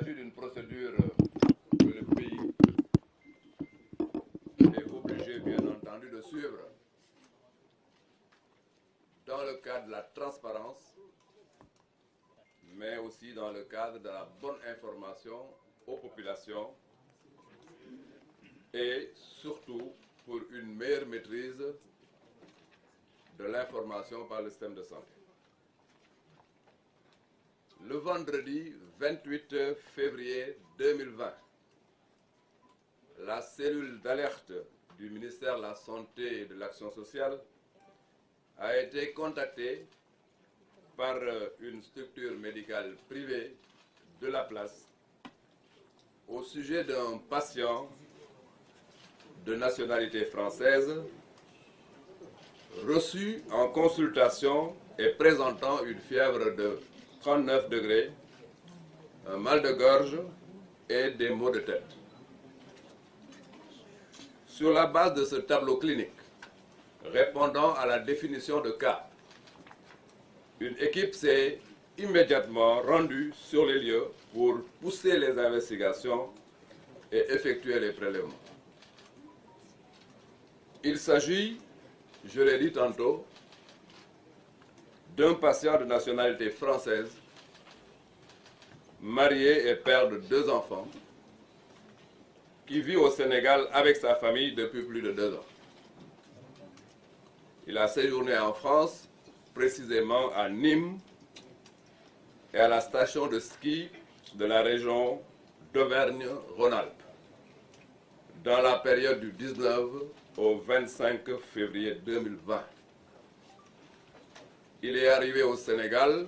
s'agit d'une procédure euh, que le pays est obligé, bien entendu, de suivre dans le cadre de la transparence, mais aussi dans le cadre de la bonne information aux populations et surtout pour une meilleure maîtrise de l'information par le système de santé. le vendredi 28 février 2020, la cellule d'alerte du ministère de la Santé et de l'Action sociale a été contactée par euh, une structure médicale privée de la place au sujet d'un patient de nationalité française reçu en consultation et présentant une fièvre de 39 degrés, un mal des maux de tête. Sur la base de ce tableau clinique, répondant à la définition de cas, une équipe s'est immédiatement rendue sur les lieux pour pousser les investigations et effectuer les prélèvements. Il s'agit, je l'ai dit tantôt, d'un patient de nationalité française, marié et père de deux enfants, qui vit au Sénégal avec sa famille depuis plus de deux ans. Il en France, précisément à Nîmes et à la station de ski de la région dauvergne dans la période du 19 au 25 février 2020. il est arrivé au Sénégal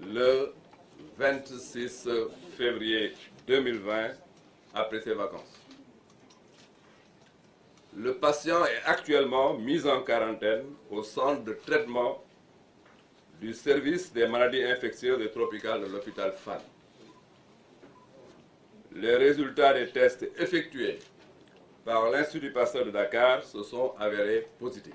le 26 février 2020 après ses vacances. Le patient est actuellement mis en quarantaine au centre de traitement du service des maladies de l'hôpital Fan. Les résultats des tests effectués par l'Institut Pasteur de Dakar se sont avérés positifs.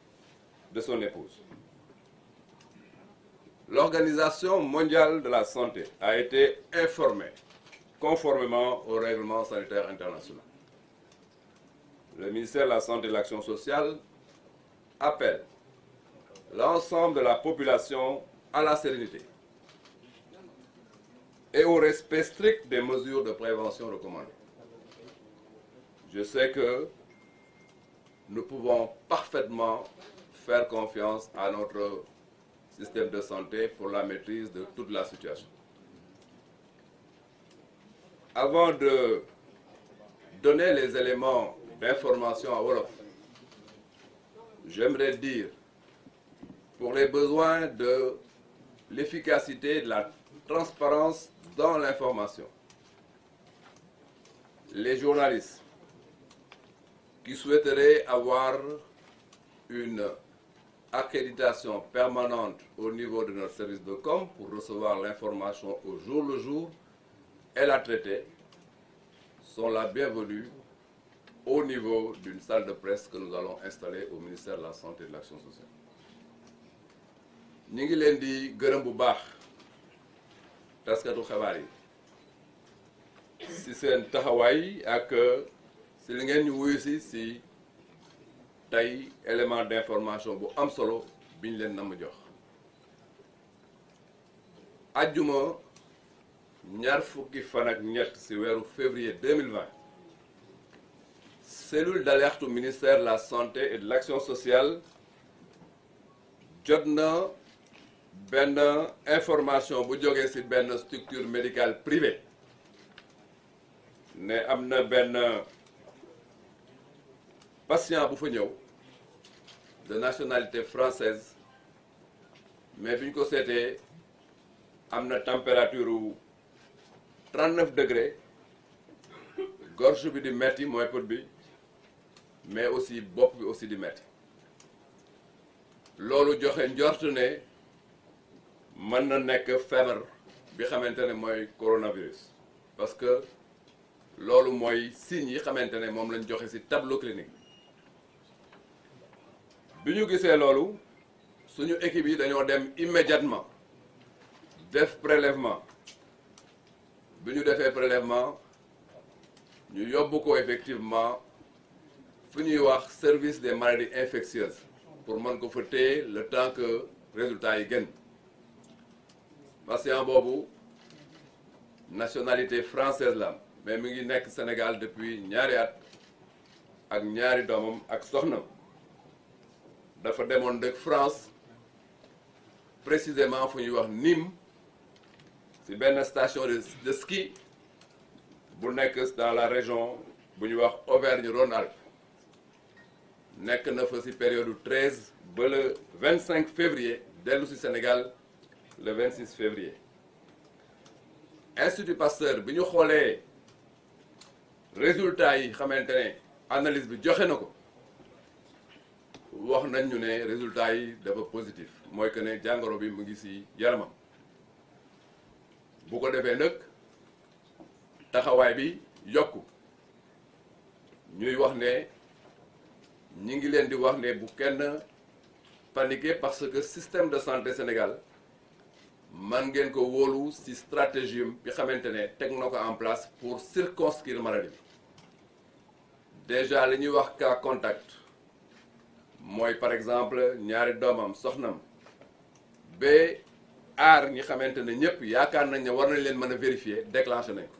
de son épouse. L'Organisation mondiale de la santé a été informée conformément au règlement sanitaire international. Le ministère de la Santé et de l'Action sociale appelle l'ensemble de la population à la sérénité et au respect strict des mesures de prévention recommandées. Je sais que nous pouvons parfaitement faire confiance à notre système de santé pour la maîtrise de toute la situation. Avant de donner les éléments d'information à Wolof, j'aimerais dire, pour les besoins de l'efficacité de la transparence dans l'information, les journalistes qui souhaiteraient avoir une ak accréditation permanente au niveau de notre service de com pour recevoir l'information au jour le jour et la traiter sont la bienvenue au niveau d'une salle de presse que nous allons installer au ministère de la Santé et de l'Action sociale. ñu ngi leen di gërëm bu baax taskatu xabaar yi si seen taxawaay ak si li ngeen ñu wuyu si si tey élément d'information bu am solo biñ leen namm jox ajjuma ñaar fukki fan ak ñett ci weeru février 2020 cellule d'alerte ministère la santé et l'action sociale jot na benn information bu jógee ci benn structure médicale privée ne am na benn patient bu fa ñëw de nationalité française mais bi ñu ko seetee am na température wu 39 degré gorge bi di metti mooy pët bi mais aussi bopp bi aussi di metti loolu joxe njort ne mën na nekk feebar bi xamante ne mooy coronavirus parce que loolu mooy signe yi xamante ne moom lañ joxe ci tableau clinique bi ñu gisee loolu suñu équipe yi dañoo dem immédiatement def prélèvement bi ñu defee prélèvement ñu yóbbu ko effectivement fu ñuy wax service des maladies infectieuses pour mën ko fa téye le temps que résultat yi gën patient boobu nationalité française la mais mi ngi nekk Sénégal depuis ñaari at ak ñaari doomam ak soxna dafa demoon dëkk France précisément fu ñuy wax Nîmes ci benn station de ski bu nekk dans la région bu ñuy wax Auvergne-Rhône-Alpes nekk na fa ci période du 13 ba le février dellu ci Sénégal le 26 février Institut Pasteur bi ñu xoolee résultat yi xamante ne analyse bi joxe na ko wax nañ ñu ne résultat yi dafa positif mooy que ne jàngoro bi mu ngi ci yaramam bu ko defee nag taxawaay bi yokku ñuy wax ne ñi ngi leen di wax ne bu kenn paniquer parce que système de santé Sénégal man ngeen ko woolu ci stratégie bi xamante ne teg na ko en place pour circonscrire maladie bi déjà li ñuy wax cas contact mooy par exemple ñaari doomam soxnam ba aar ñi xamante ne ñëpp yaakaar nañ ne war nañ leen mën a vérifier déclenché nañ ko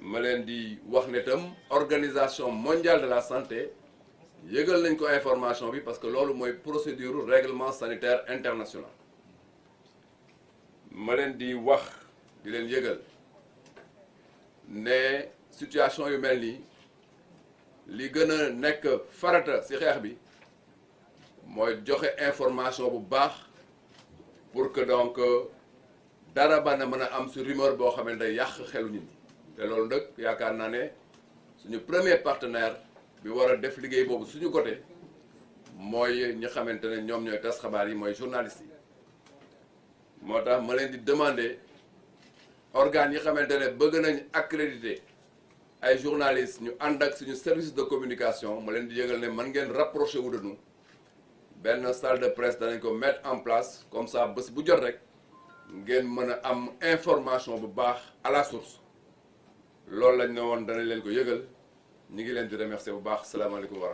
ma leen di wax ne tam organisation mondiale de la santé yëgal nañ ko information bi parce que loolu mooy procédure règlement sanitaire international ma leen di wax di leen yëgal ne situation yu mel nii li gën a nekk farata ci xeex bi mooy joxe information bu baax pour que donc euh, dara ba na mën a am ci rumeur boo xam ne yàq xew ñi te loolu nag yaakaar naa ne suñu premier partenaire bi war a def liggéey boobu suñu côté mooy ñi xamante ne ñoom ñooy tas xabaar yi mooy journaliste yi moo tax ma leen di demander organes yi xamante ne bëgg nañ accrédité ay journalistes ñu ànd ak suñu service de communication ma leen di yëgal ne man ngeen rapproché wu de nous benn salle de presse danañ ko mettre en place comme sa bés bu jot rek ngeen mën a am information bu baax à la source loolu lañ ne woon danañ leen ko yëgal ñu ngi leen di remercier bu baax salaamaaleykum wa